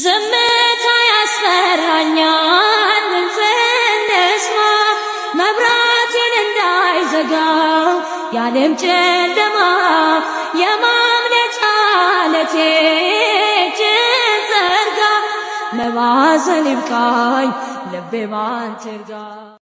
ዝምታ ያስፈራኛል እንደስማ መብራቴን እንዳይዘጋው ያለም ጨለማ የማምለጫ አለቴ ዘርጋ መባዘን ይብቃኝ ልቤ ባንተ